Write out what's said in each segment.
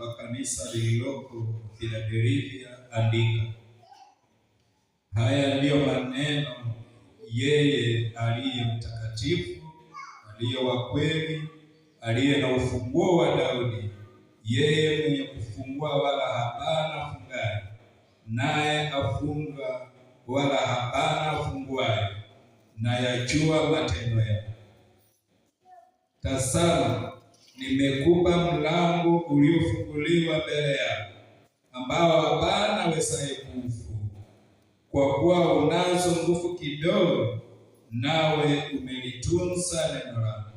wa kanisa lililoko Filadelfia andika, haya ndiyo maneno yeye aliye mtakatifu, aliye wa kweli, aliye na ufunguo wa Daudi, yeye mwenye kufungua wala hapana fungaye, naye afunga wala hapana afunguaye, na yajua matendo yake. Tazama nimekupa mlango uliofunguliwa mbele yako, ambao hapana wesaye kuufunga, kwa kuwa unazo nguvu kidogo, nawe umelitunza neno lako,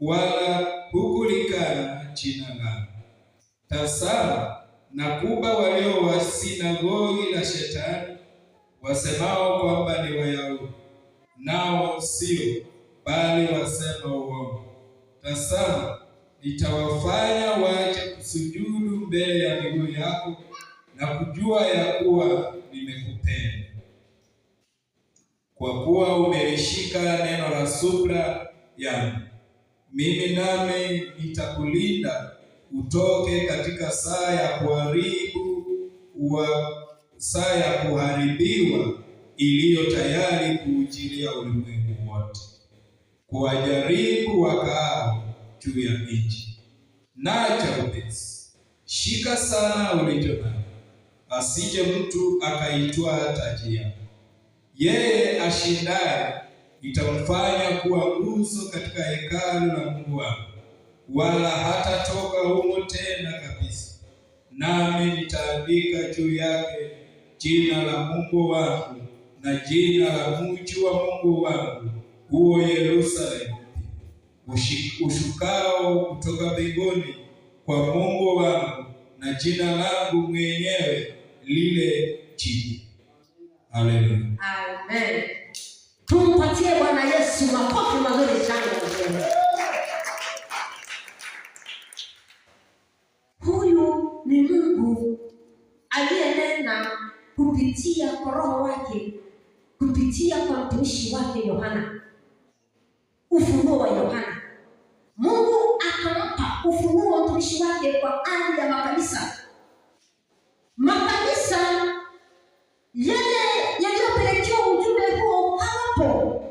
wala hukulikana jina lako. Tazama, nakupa walio wa sinagogi la Shetani, wasemao kwamba ni Wayahudi, nao sio, bali wasema uongo. Tazama nitawafanya waje kusujudu mbele ya miguu yako na kujua ya kuwa nimekupenda. Kwa kuwa umeishika neno la subra yangu, mimi nami nitakulinda utoke katika saa ya kuharibu wa saa ya kuharibiwa iliyo tayari kuujilia ulimwengu wote, kuwajaribu wakaao juu ya nchi. Nacho upesi, shika sana ulicho nayo, asije mtu akaitwa taji yako. Yeye ashindaye itamfanya kuwa nguzo katika hekalu la Mungu wangu, wala hatatoka humo tena kabisa, nami nitaandika juu yake jina la Mungu wangu na jina la mji wa Mungu wangu, huo Yerusalemu ushukao kutoka mbinguni kwa Mungu wangu na jina langu mwenyewe lile chini. Haleluya, amen. Tumpatie Bwana Yesu makofi mazuri sana. Huyu ni Mungu aliyenena kupitia kwa Roho wake kupitia kwa mtumishi wake Yohana, ufunuo wa Yohana utumishi wake kwa ajili ya makanisa. Makanisa yale yaliyopelekewa ujumbe huo hapo.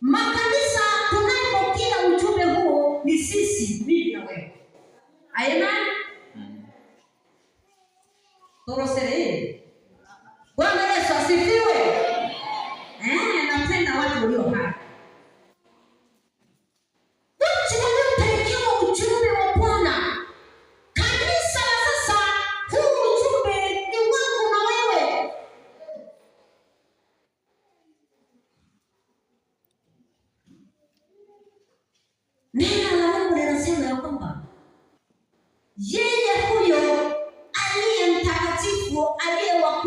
Makanisa tunapokea ujumbe huo ni sisi, mimi na wewe. Amen. Torosere. Bwana Yesu asifiwe. Eh, napenda watu walio hapa yeye huyo aliye mtakatifu aliye wa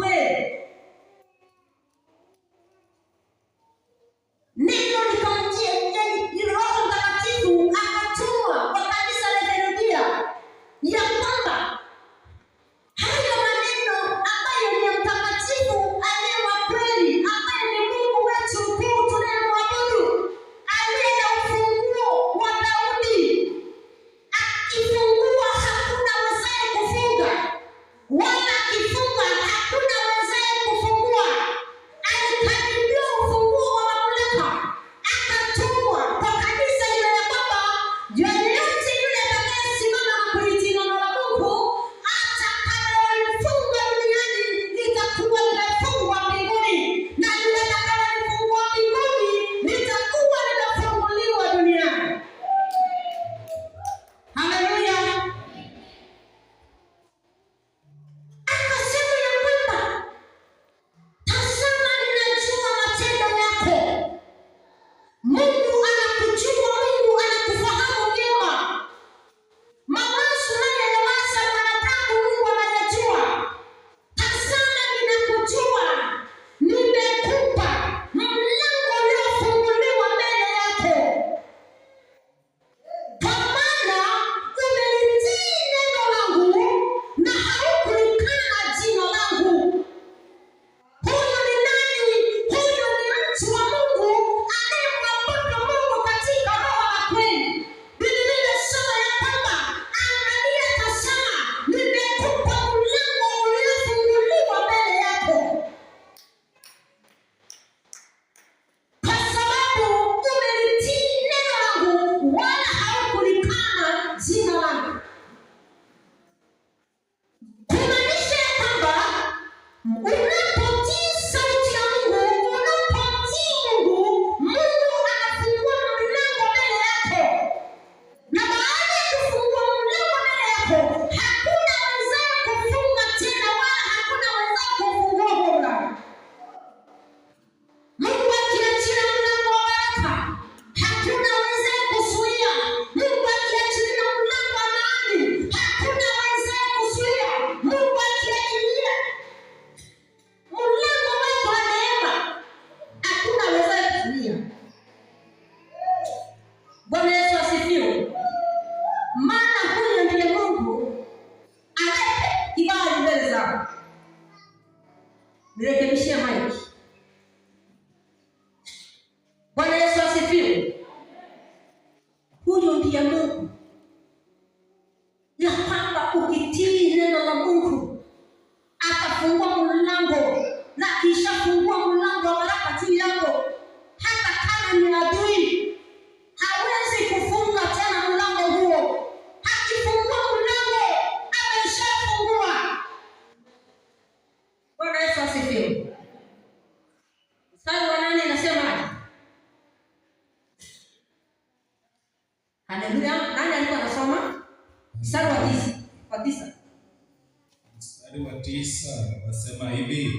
tisa wasema hivi,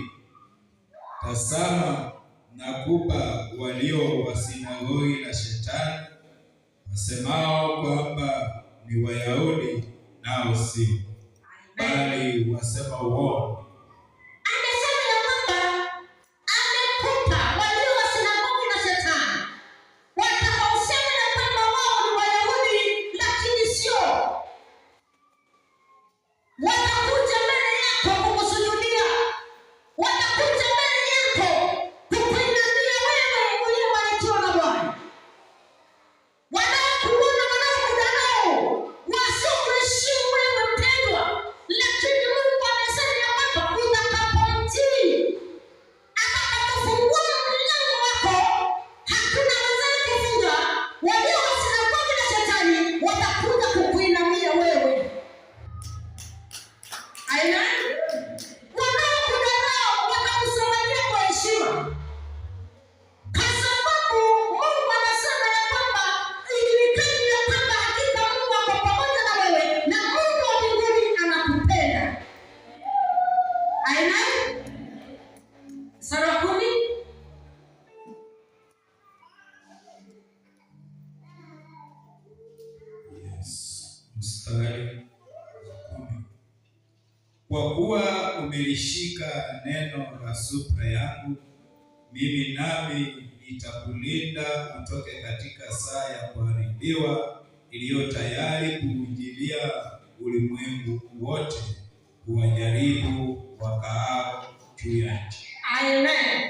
tazama nakupa walio wa sinagogi la Shetani wasemao kwamba ni Wayahudi nao si, bali wasema uongo Kwa kuwa umelishika neno la supra yangu, mimi nami nitakulinda kutoke katika saa ya kuharibiwa iliyo tayari kuujilia ulimwengu wote, kuwajaribu wakaao juu ya nchi. Amen.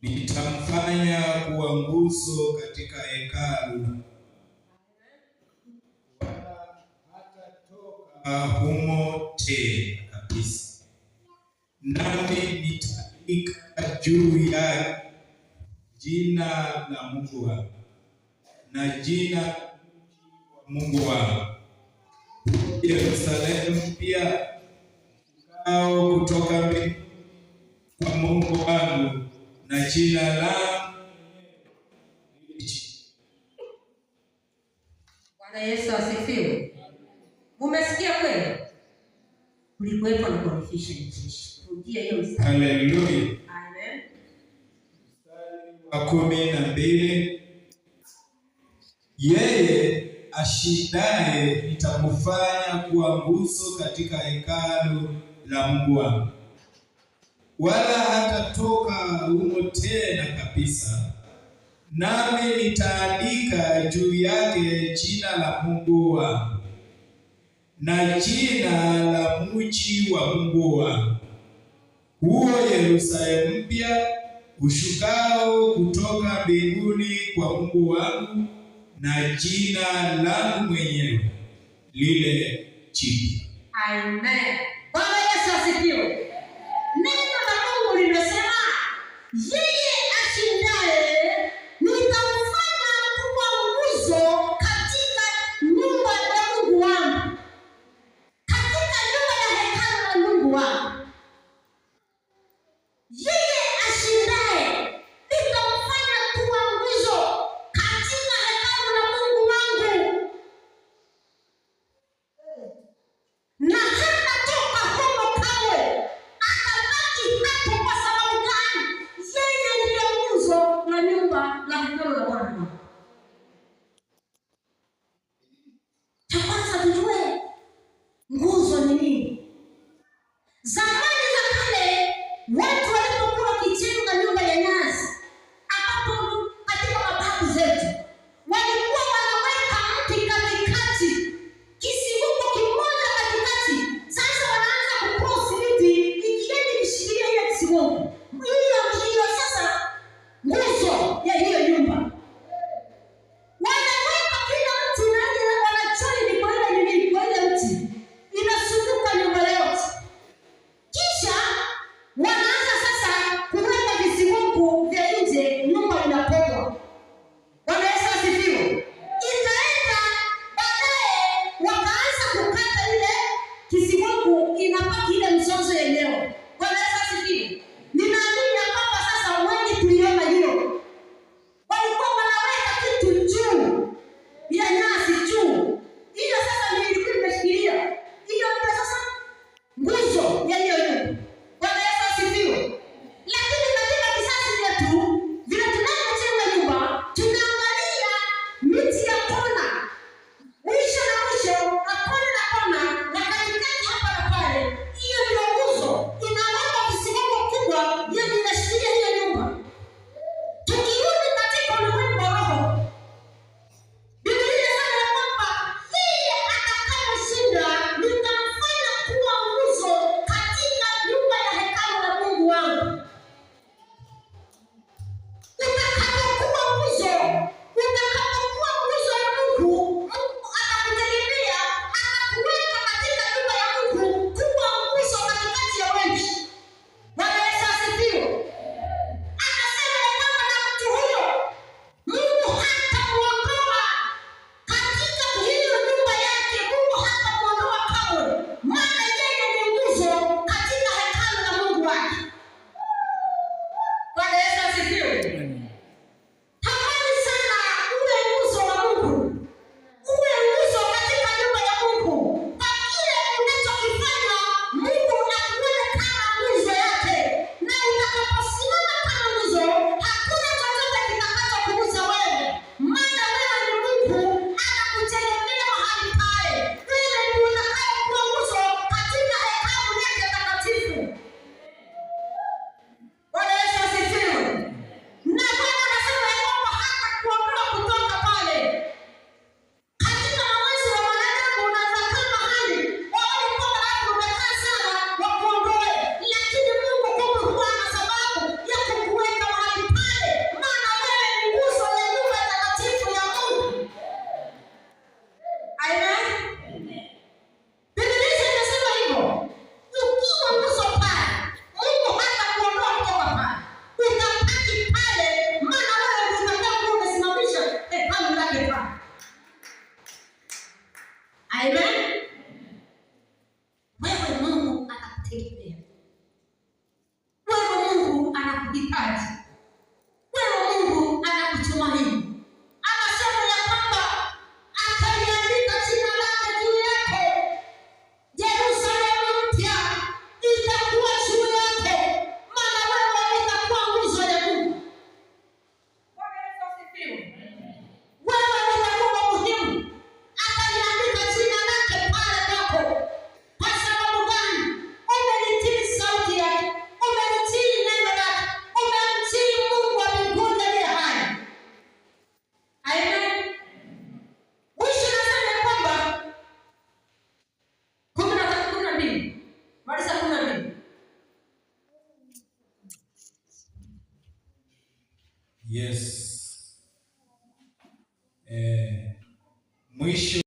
nitamfanya kuwa nguzo katika hekalu, hatatoka humo tena kabisa, nami nitaandika juu yake jina la mkuu na jina Mungu wao. Yerusalemu pia ukao kutoka mbinguni kwa Mungu wangu na jina la Bwana Yesu asifiwe. Umesikia kweli? Kulikuwepo na confusion jeshi. Rudia hiyo mstari. Haleluya. Amen. Mstari wa kumi na mbili. Yeye ashindaye nitamfanya kuwa nguzo katika hekalu la Mungu wangu, wala hatatoka humo tena kabisa, nami nitaandika juu yake jina la Mungu wangu na jina la mji wa Mungu wangu, huo Yerusalemu mpya ushukao kutoka mbinguni kwa Mungu wangu na jina langu mwenyewe lile jipya. Amen. Bwana Yesu asifiwe. Neno la Mungu limesema